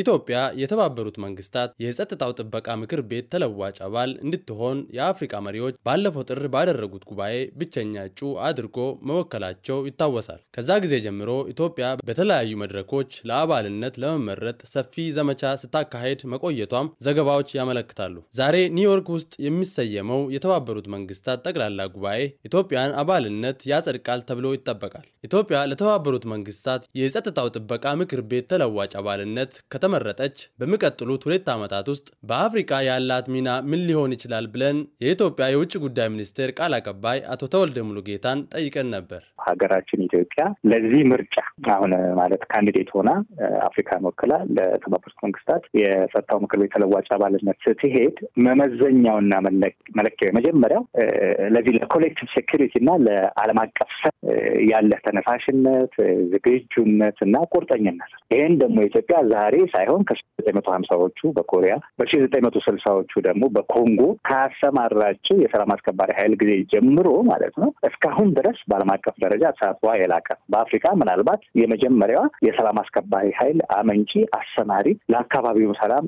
ኢትዮጵያ የተባበሩት መንግስታት የጸጥታው ጥበቃ ምክር ቤት ተለዋጭ አባል እንድትሆን የአፍሪካ መሪዎች ባለፈው ጥር ባደረጉት ጉባኤ ብቸኛ እጩ አድርጎ መወከላቸው ይታወሳል። ከዛ ጊዜ ጀምሮ ኢትዮጵያ በተለያዩ መድረኮች ለአባልነት ለመመረጥ ሰፊ ዘመቻ ስታካሄድ መቆየቷም ዘገባዎች ያመለክታሉ። ዛሬ ኒውዮርክ ውስጥ የሚሰየመው የተባበሩት መንግስታት ጠቅላላ ጉባኤ ኢትዮጵያን አባልነት ያጸድቃል ተብሎ ይጠበቃል። ኢትዮጵያ ለተባበሩት መንግስታት የጸጥታው ጥበቃ ምክር ቤት ተለዋጭ አባልነት ከተ ከተመረጠች በሚቀጥሉት ሁለት ዓመታት ውስጥ በአፍሪካ ያላት ሚና ምን ሊሆን ይችላል ብለን የኢትዮጵያ የውጭ ጉዳይ ሚኒስቴር ቃል አቀባይ አቶ ተወልደ ሙሉጌታን ጠይቀን ነበር። ሀገራችን ኢትዮጵያ ለዚህ ምርጫ አሁን ማለት ካንዲዴት ሆና አፍሪካን ወክላ ለተባበሩት መንግስታት የጸጥታው ምክር ቤት ተለዋጭ አባልነት ስትሄድ መመዘኛውና መለኪያው የመጀመሪያው ለዚህ ለኮሌክቲቭ ሴኪሪቲ እና ለዓለም አቀፍ ሰ ያለ ተነሳሽነት፣ ዝግጁነት እና ቁርጠኝነት ይህን ደግሞ ኢትዮጵያ ዛሬ ሳይሆን ከሺ ዘጠኝ መቶ ሀምሳዎቹ በኮሪያ በሺ ዘጠኝ መቶ ስልሳዎቹ ደግሞ በኮንጎ ካሰማራቸው የሰላም አስከባሪ ኃይል ጊዜ ጀምሮ ማለት ነው እስካሁን ድረስ በዓለም አቀፍ ደረጃ ተሳትፏ የላቀ በአፍሪካ ምናልባት የመጀመሪያዋ የሰላም አስከባሪ ኃይል አመንጪ፣ አሰማሪ ለአካባቢው ሰላም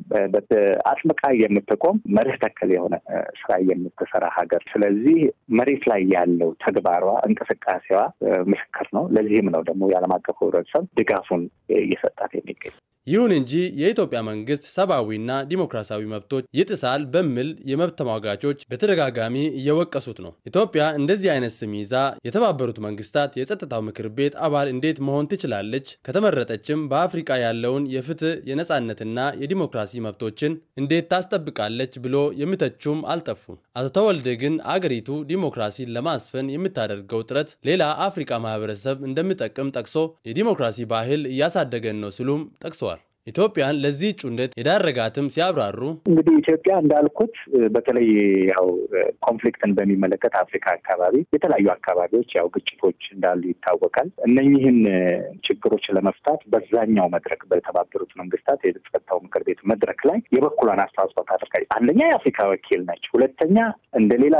አጥብቃ የምትቆም መርህ ተከል የሆነ ስራ የምትሰራ ሀገር። ስለዚህ መሬት ላይ ያለው ተግባሯ፣ እንቅስቃሴዋ ምስክር ነው። ለዚህም ነው ደግሞ የዓለም አቀፉ ህብረተሰብ ድጋፉን እየሰጣት የሚገኝ። ይሁን እንጂ የኢትዮጵያ መንግስት ሰብአዊና ዲሞክራሲያዊ መብቶች ይጥሳል በሚል የመብት ተሟጋቾች በተደጋጋሚ እየወቀሱት ነው። ኢትዮጵያ እንደዚህ አይነት ስም ይዛ የተባበሩት መንግስታት የጸጥታው ምክር ቤት አባል እንዴት መሆን ትችላለች? ከተመረጠችም በአፍሪቃ ያለውን የፍትህ የነጻነትና የዲሞክራሲ መብቶችን እንዴት ታስጠብቃለች? ብሎ የሚተቹም አልጠፉም። አቶ ተወልደ ግን አገሪቱ ዲሞክራሲን ለማስፈን የምታደርገው ጥረት ሌላ አፍሪቃ ማህበረሰብ እንደሚጠቅም ጠቅሶ የዲሞክራሲ ባህል እያሳደገን ነው ሲሉም ጠቅሰዋል። ኢትዮጵያን ለዚህ ጩንደት የዳረጋትም ሲያብራሩ እንግዲህ ኢትዮጵያ እንዳልኩት በተለይ ያው ኮንፍሊክትን በሚመለከት አፍሪካ አካባቢ የተለያዩ አካባቢዎች ያው ግጭቶች እንዳሉ ይታወቃል። እነኚህን ችግሮች ለመፍታት በዛኛው መድረክ በተባበሩት መንግስታት የጸጥታው ምክር ቤት መድረክ ላይ የበኩሏን አስተዋጽኦ ታደርጋለች። አንደኛ የአፍሪካ ወኪል ነች። ሁለተኛ እንደ ሌላ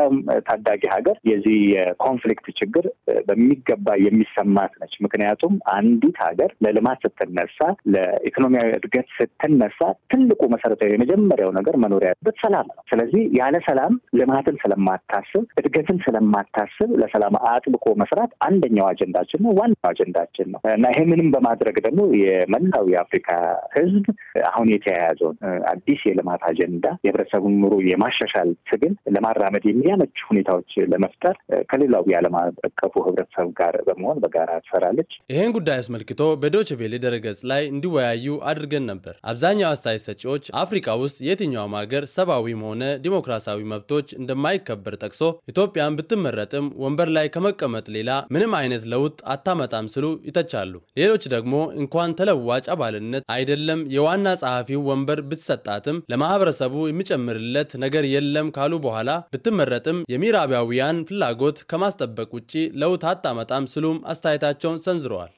ታዳጊ ሀገር የዚህ የኮንፍሊክት ችግር በሚገባ የሚሰማት ነች። ምክንያቱም አንዲት ሀገር ለልማት ስትነሳ ለኢኮኖሚያዊ እድገት ስትነሳ ትልቁ መሰረታዊ የመጀመሪያው ነገር መኖሪያ ያለበት ሰላም ነው። ስለዚህ ያለ ሰላም ልማትን ስለማታስብ፣ እድገትን ስለማታስብ ለሰላም አጥብቆ መስራት አንደኛው አጀንዳችን ነው፣ ዋናው አጀንዳችን ነው እና ይህንንም በማድረግ ደግሞ የመላው የአፍሪካ ህዝብ አሁን የተያያዘውን አዲስ የልማት አጀንዳ የህብረተሰቡን ኑሮ የማሻሻል ትግል ለማራመድ የሚያመች ሁኔታዎች ለመፍጠር ከሌላው የዓለም አቀፉ ህብረተሰብ ጋር በመሆን በጋራ ትሰራለች። ይህን ጉዳይ አስመልክቶ በዶችቬሌ ድረገጽ ላይ እንዲወያዩ አድርገን ነበር። አብዛኛው አስተያየት ሰጪዎች አፍሪካ ውስጥ የትኛውም ሀገር ሰብአዊም ሆነ ዲሞክራሲያዊ መብቶች እንደማይከበር ጠቅሶ ኢትዮጵያን ብትመረጥም ወንበር ላይ ከመቀመጥ ሌላ ምንም አይነት ለውጥ አታመጣም ስሉ ይተቻሉ። ሌሎች ደግሞ እንኳን ተለዋጭ አባልነት አይደለም የዋና ጸሐፊው ወንበር ብትሰጣትም ለማህበረሰቡ የሚጨምርለት ነገር የለም ካሉ በኋላ ብትመረጥም የምዕራባውያን ፍላጎት ከማስጠበቅ ውጭ ለውጥ አታመጣም ስሉም አስተያየታቸውን ሰንዝረዋል።